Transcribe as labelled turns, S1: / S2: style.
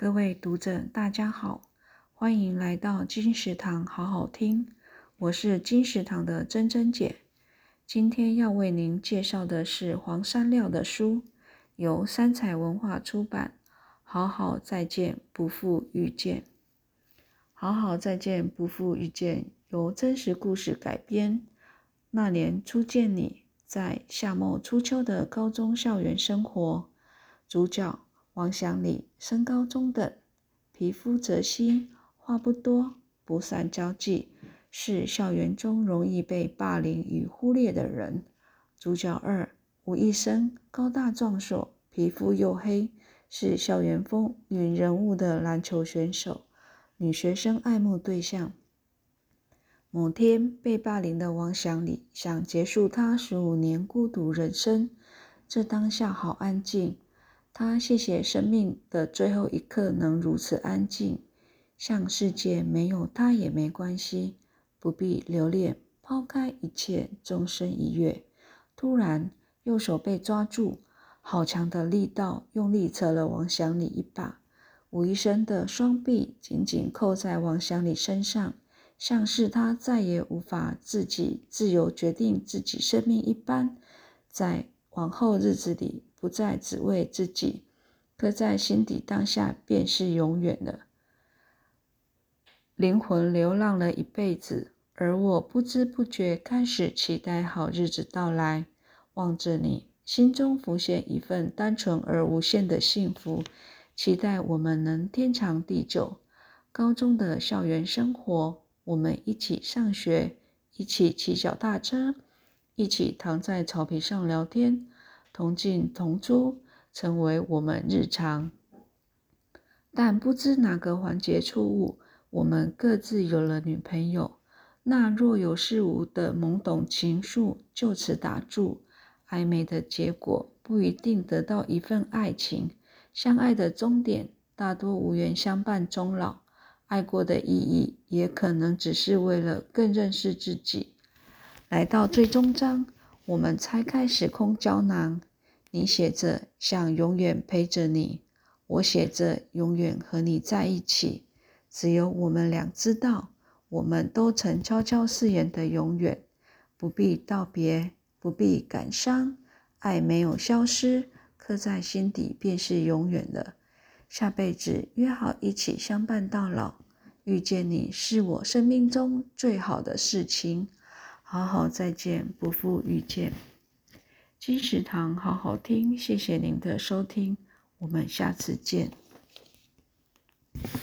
S1: 各位讀者，大家好，歡迎來到金石堂好好聽，我是金石堂的珍珍姐。今天要為您介紹的是黃山料的書，由三彩文化出版。好好再見，不負遇見。好好再見，不負遇見，由真實故事改編。那年初見你，在夏末初秋的高中校園生活，主角。王祥禮身高中等，皮膚澤皙，話不多，不善交際，是校園中容易被霸凌與忽略的人。主角二吳一生高大壯碩，皮膚黝黑，是校園風雲人物的籃球選手，女學生愛慕對象。某天被霸凌的王祥禮想結束他十五年孤獨人生，這當下好安靜。他謝謝生命的最後一刻能如此安靜，像世界沒有他也沒關係，不必留戀，拋開一切，縱身一躍。突然，右手被抓住，好強的力道，用力扯了王祥禮一把。吳醫生的雙臂緊緊扣在王祥禮身上，像是他再也無法自己自由決定自己生命一般，在往後日子裡。不再只為自己，刻在心底，當下便是永遠了。靈魂流浪了一輩子，而我不知不覺開始期待好日子到來。望着你，心中浮現一份單純而無限的幸福，期待我們能天長地久。高中的校園生活，我們一起上學，一起騎腳踏車，一起躺在草坪上聊天。同進同出成為我們日常，但不知哪個環節錯誤，我們各自有了女朋友。那若有似無的懵懂情愫就此打住。曖昧的結果不一定得到一份愛情，相愛的終點大多無緣相伴終老。愛過的意義也可能只是為了更認識自己。來到最終章，我們拆開時空膠囊。你寫着想永遠陪着你，我寫着永遠和你在一起。只有我們倆知道，我們都曾悄悄誓言的永遠，不必道別，不必感傷，愛沒有消失，刻在心底便是永遠了。下輩子約好一起相伴到老。遇見你是我生命中最好的事情。好好再見，不負遇見。金石堂好好聽，謝謝您的收聽，我們下次見。